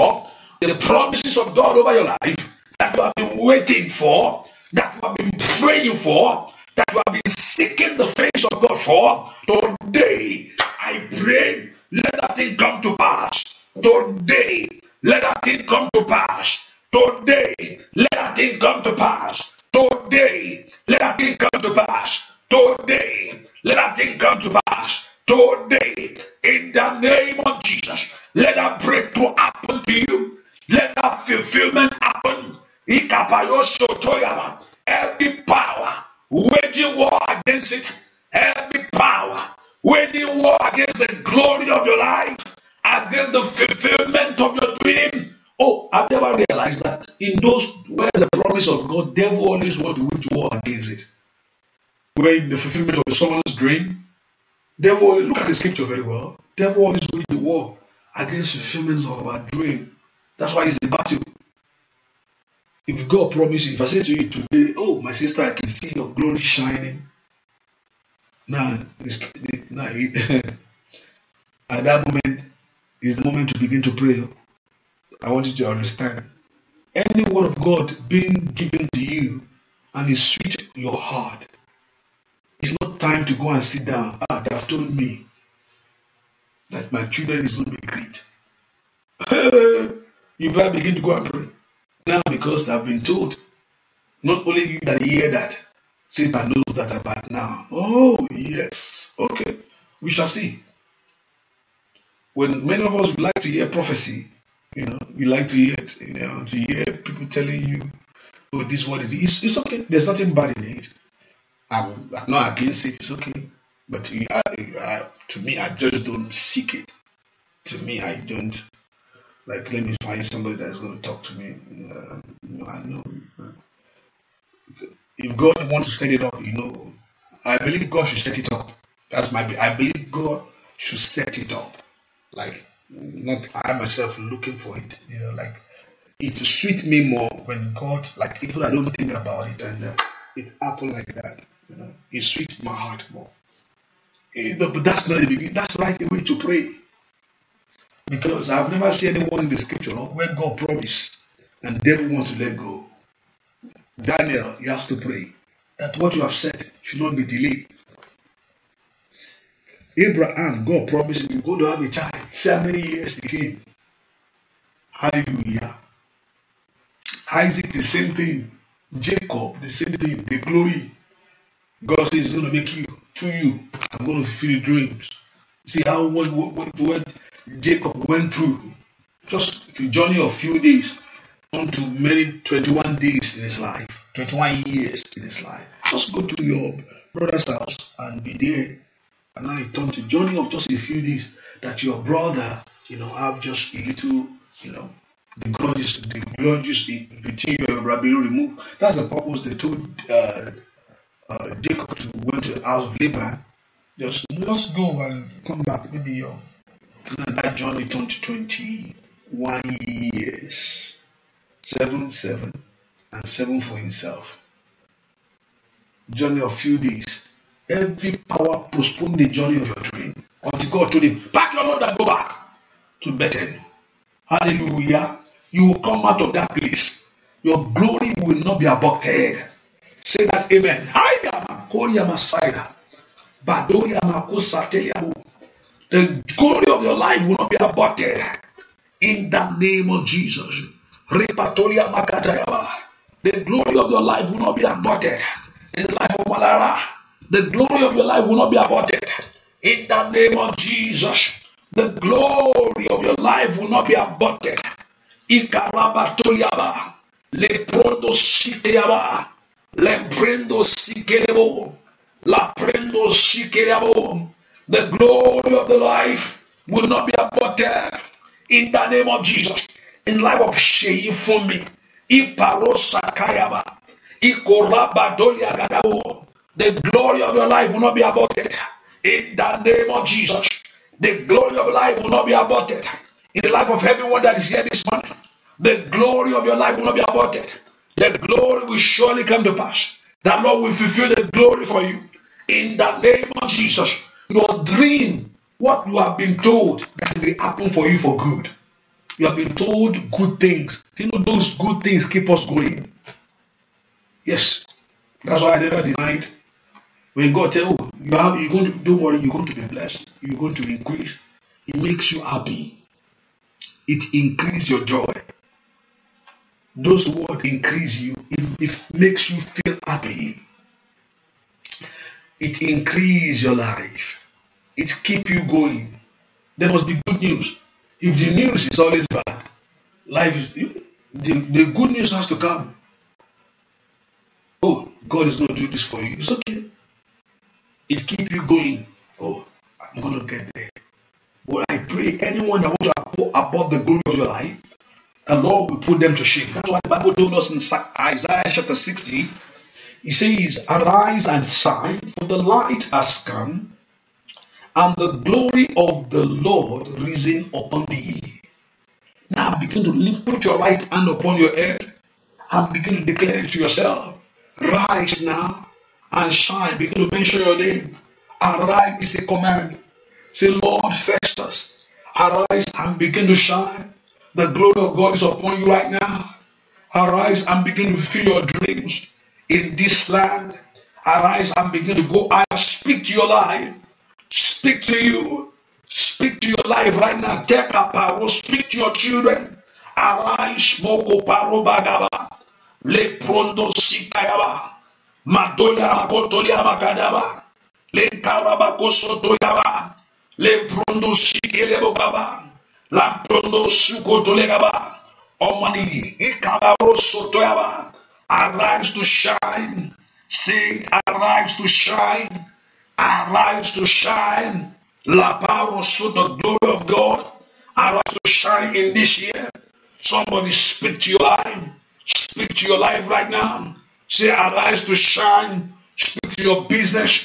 the promises of God over your life that you have been waiting for, that you have been praying for, that you have been seeking the face of God for, today I pray, let that thing come to pass. Today, let that thing come to pass. Today, let that thing come to pass. Today, let that thing come to pass. Today, let that thing come to pass. Today, in the name of Jesus, let that breakthrough happen to you. Let that fulfillment happen. Every power waging war against it, every power waging war against the glory of your life, against the fulfillment of your dream. Oh, have you ever realized that in those where the promise of God, devil always wants to wage war against it. Where in the fulfillment of someone's dream, devil always, look at the scripture very well. Devil always wage war against fulfillment of our dream. That's why it's the battle. If God promises, if I say to you today, oh, my sister, I can see your glory shining. Now, now at that moment is the moment to begin to pray. I want you to understand. Any word of God being given to you and is sweet to your heart. It's not time to go and sit down. Ah, they have told me that my children is going to be great. you better begin to go and pray. Now, because I've been told, not only you that hear that, Satan knows that about now. Oh, yes. Okay. We shall see. When many of us would like to hear prophecy, you know, we like to hear it, you know, to hear people telling you, oh, this is what it is. It's okay. There's nothing bad in it. I'm, I'm not against it. It's okay. But you you are, to me, I just don't seek it. To me, I don't like let me find somebody that's going to talk to me. Uh, you know, I know. If God wants to set it up, you know, I believe God should set it up. That's my. I believe God should set it up. Like not I myself looking for it. You know, like it sweet me more when God, like even I don't think about it, and uh, it happened like that. You know, it sweet my heart more. Eh, but that's not the beginning. That's right the way to pray. Because I've never seen anyone in the scripture where God promised and devil wants to let go. Daniel, he has to pray that what you have said should not be delayed. Abraham, God promised him, go to have a child. See how many years he came. Hallelujah. Isaac, the same thing. Jacob, the same thing. The glory. God says, He's going to make you, to you, I'm going to fulfill your dreams. See how what, what, what, what Jacob went through, just a journey of few days, onto many 21 days in his life, 21 years in his life. Just go to your brother's house and be there. And now it turns a journey of just a few days that your brother, you know, have just a little, you know, the grudges, the grudges between your brother Rabbi removed. That's the purpose they told uh, uh, Jacob to go to the house of Laban. Just, just go and come back. Maybe your and journey turned to 21 years. Seven, seven, and seven for himself. Journey of few days. Every power postpone the journey of your dream until God told him, Pack your load and go back to Bethany." Hallelujah. You will come out of that place. Your glory will not be aborted. Say that amen. Hiya koriya masaya. Badoria makosa teliabu. The glory of your life will not be aborted. In the name of Jesus. The glory of your life will not be aborted. In the life of Malara, the glory of your life will not be aborted. In the name of Jesus, the glory of your life will not be aborted. Ikarabatoliaba, leprondo sikeaba, leprendo sikelebo, laprendo sikelebo. The glory of the life will not be aborted in the name of Jesus. In life of Sheyi Fumi, Iparo Sakayaba, Ikoraba Dolia Gadabo, the glory of your life will not be aborted in the name of Jesus. The glory of life will not be aborted in the life of everyone that is here this morning. The glory of your life will not be aborted. The glory will surely come to pass. The Lord will fulfill the glory for you in the name of Jesus. Your dream, what you have been told, that will happen for you for good. You have been told good things. You know, those good things keep us going. Yes. That's why I never denied. When God tell oh, you, are, you're going to, don't worry, you're going to be blessed. You're going to increase. It makes you happy. It increases your joy. Those words increase you. It, it makes you feel happy. It increases your life it keep you going. That must be good news. If the news is always bad, life is the, the good news has to come. Oh, God is going to do this for you. It's okay. It keep you going. Oh, I'm going to get there. But I pray anyone that wants to above the glory of your life, the Lord will put them to shame. That's why the Bible told us in Isaiah chapter 60, He says, Arise and shine, for the light has come, and the glory of the Lord risen upon thee. Now begin to lift, put your right hand upon your head and begin to declare to yourself, Rise now and shine. Begin to mention your name. Arise is a command. Say, Lord, Festus, arise and begin to shine. The glory of God is upon you right now. Arise and begin to fill your dreams in this land. Arise and begin to go. I speak to your life. speak to you, speak to your life right now. Take a power, speak to your children. Arise, moko paro bagaba, le prondo sikayaba, madoya akotolia makadaba, le karaba kosotoyaba, le prondo sikele bokaba, la prondo sukotolegaba. Omani, ikabaro sotoyaba. Arise to shine. Say, arise to shine. Arise to shine. La Parosu, the glory of God. Arise to shine in this year. Somebody speak to your life. Speak to your life right now. Say, arise to shine. Speak to your business.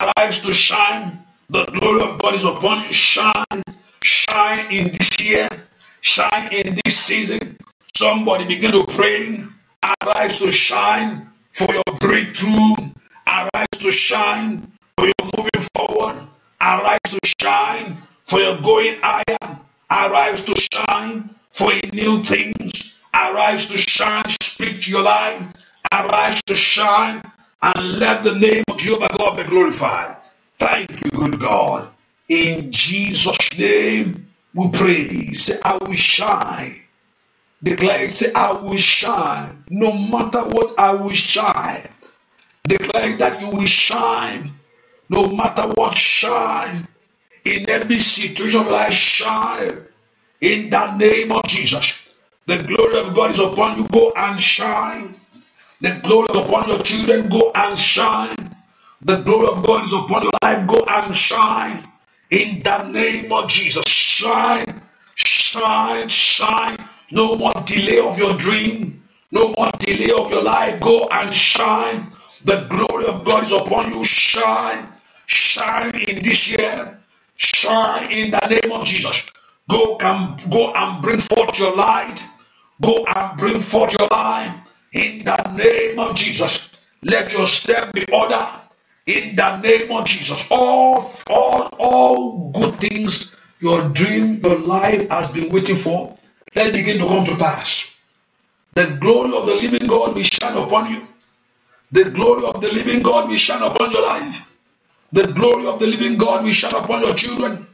Arise to shine. The glory of God is upon you. Shine. Shine in this year. Shine in this season. Somebody begin to pray. Arise to shine for your breakthrough. Arise to shine for your moving forward. Arise to shine for your going higher. Arise to shine for new things. Arise to shine. Speak to your life. Arise to shine and let the name of Jehovah God be glorified. Thank you, good God. In Jesus' name, we praise. Say, I will shine. Declare, say, I will shine. No matter what, I will shine. Declare that you will shine no matter what, shine in every situation of shine in the name of Jesus. The glory of God is upon you. Go and shine. The glory is upon your children. Go and shine. The glory of God is upon your life. Go and shine. In the name of Jesus. Shine, shine, shine. No more delay of your dream. No more delay of your life. Go and shine. The glory of God is upon you. Shine shine in this year, shine in the name of Jesus. Go and go and bring forth your light. Go and bring forth your life in the name of Jesus. Let your step be ordered in the name of Jesus. All, all, all good things your dream, your life has been waiting for, let it begin to come to pass. The glory of the living God will shine upon you. The glory of the living God will shine upon your life. The glory of the living God will shine upon your children.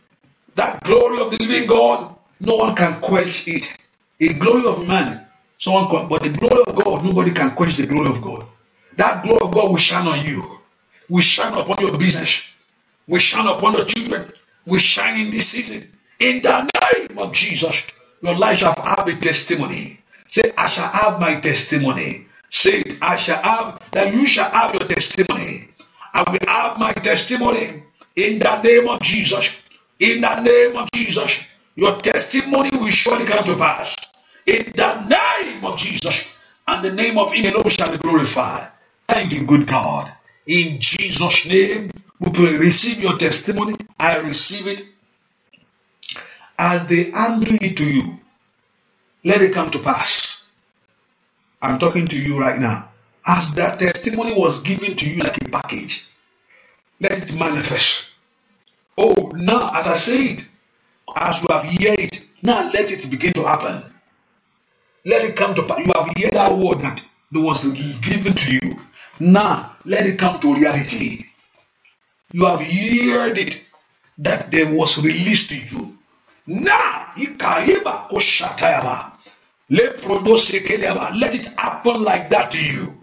That glory of the living God, no one can quench it. The glory of man, someone can, but the glory of God, nobody can quench the glory of God. That glory of God will shine on you, We shine upon your business, We shine upon your children, We shine in this season. In the name of Jesus, your life shall have a testimony. Say, I shall have my testimony. Say it, I shall have, that you shall have your testimony. I will have my testimony in the name of Jesus. In the name of Jesus, your testimony will surely come to pass. In the name of Jesus, and the name of him shall be glorified. Thank you, good God. In Jesus' name, we pray. Receive your testimony. I receive it. As they handle it to you, let it come to pass. I'm talking to you right now. As that testimony was given to you like a package, let it manifest. Oh, now as I said, as you have heard it, now let it begin to happen. Let it come to pass. You have heard that word that was given to you. Now let it come to reality. You have heard it that there was released to you. Now ikariba koshatayaba. Let it happen like that to you.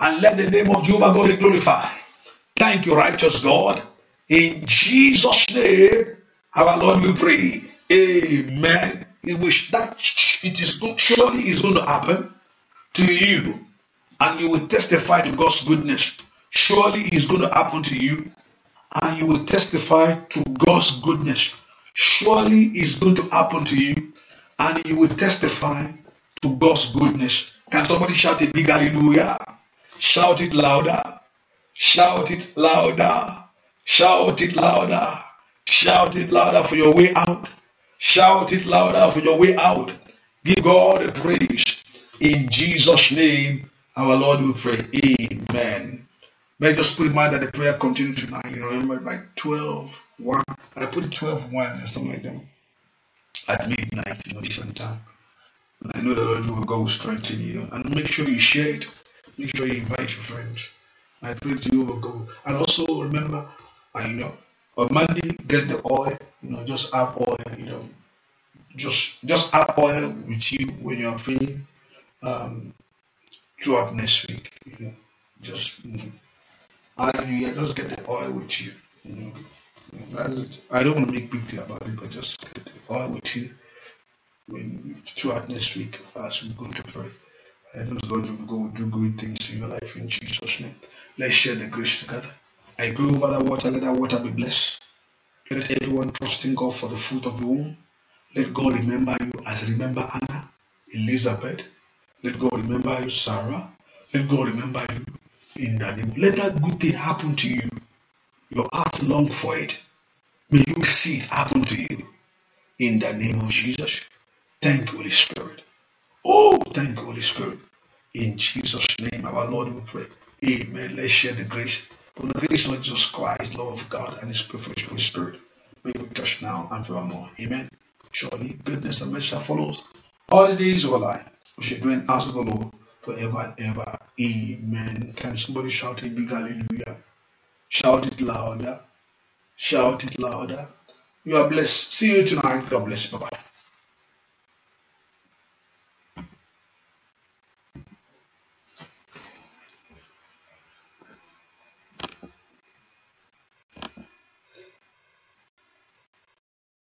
and let the name of Jehovah God be glorified. Thank you, righteous God. In Jesus' name, our Lord, we pray. Amen. In which that it is surely is going to happen to you, and you will testify to God's goodness. Surely is going to happen to you, and you will testify to God's goodness. Surely is going to happen to you, and you will testify to God's goodness. Can somebody shout a big hallelujah? Shout it louder. Shout it louder. Shout it louder. Shout it louder for your way out. Shout it louder for your way out. Give God a praise. In Jesus' name, our Lord we pray. Amen. May I just put in mind that the prayer continues tonight. You remember by 12, 1. I put 12, 1 or something like that. At midnight, you know, time. I know the Lord will go strengthen you. And make sure you share it Make sure you invite your friends. I pray to you, O God. And also remember, I you know, on Monday, get the oil, you know, just have oil, you know, just just have oil with you when you are praying um, throughout next week, you know, just, you know, just get the oil with you, you know. I don't want to make big deal about it, but just get the oil with you when throughout next week as we're going to pray. Help us, Lord, will go do good things in your life in Jesus' name. Let's share the grace together. I go over that water, let that water be blessed. Let everyone trusting God for the fruit of the womb. Let God remember you as remember Anna, Elizabeth. Let God remember you, Sarah. Let God remember you in the name. Let that good thing happen to you. Your heart long for it. May you see it happen to you in the name of Jesus. Thank you, Holy Spirit. Oh, thank you, Holy Spirit. In Jesus' name, our Lord, we pray. Amen. Let's share the grace. For the grace of Jesus Christ, love of God, and His perfect Holy Spirit, may we touch now and forevermore. Amen. Surely, goodness and mercy shall follow all the days of our life. We shall do in ask of the Lord forever and ever. Amen. Can somebody shout a big hallelujah? Shout it louder. Shout it louder. You are blessed. See you tonight. God bless you. Bye bye.